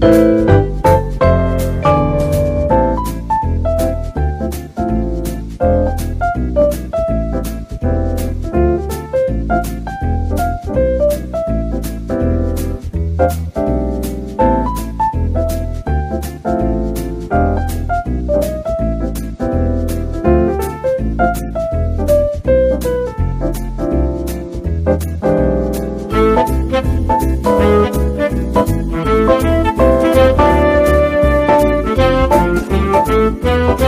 Thank Thank you.